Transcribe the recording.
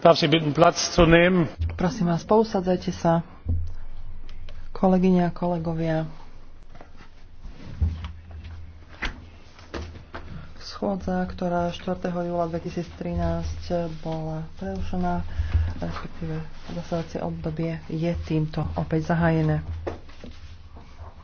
Darf Sie bitten, Platz zu nehmen? Prosím vás, pousadzajte sa, kolegyne a kolegovia. Schôdza, ktorá 4. júla 2013 bola prerušená, respektíve zasadacie obdobie je týmto opäť zahájené.